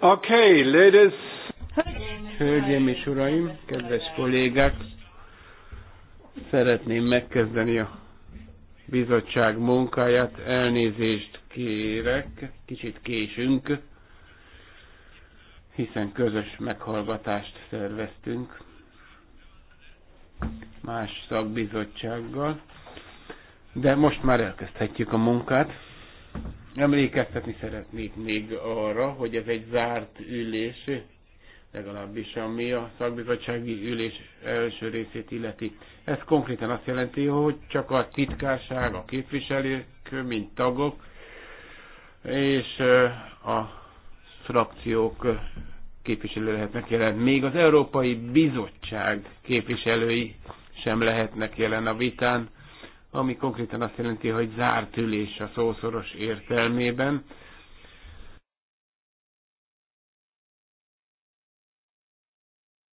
Okay, ladies. Hölgyeim és uraim, kedves kollégák, szeretném megkezdeni a bizottság munkáját. Elnézést kérek, kicsit késünk, hiszen közös meghallgatást szerveztünk más szakbizottsággal, de most már elkezdhetjük a munkát. Emlékeztetni szeretnék még arra, hogy ez egy zárt ülés, legalábbis ami a szakbizottsági ülés első részét illeti. Ez konkrétan azt jelenti, hogy csak a titkárság, a képviselők, mint tagok, és a frakciók képviselő lehetnek jelen. Még az Európai Bizottság képviselői sem lehetnek jelen a vitán ami konkrétan azt jelenti, hogy zárt ülés a szószoros értelmében.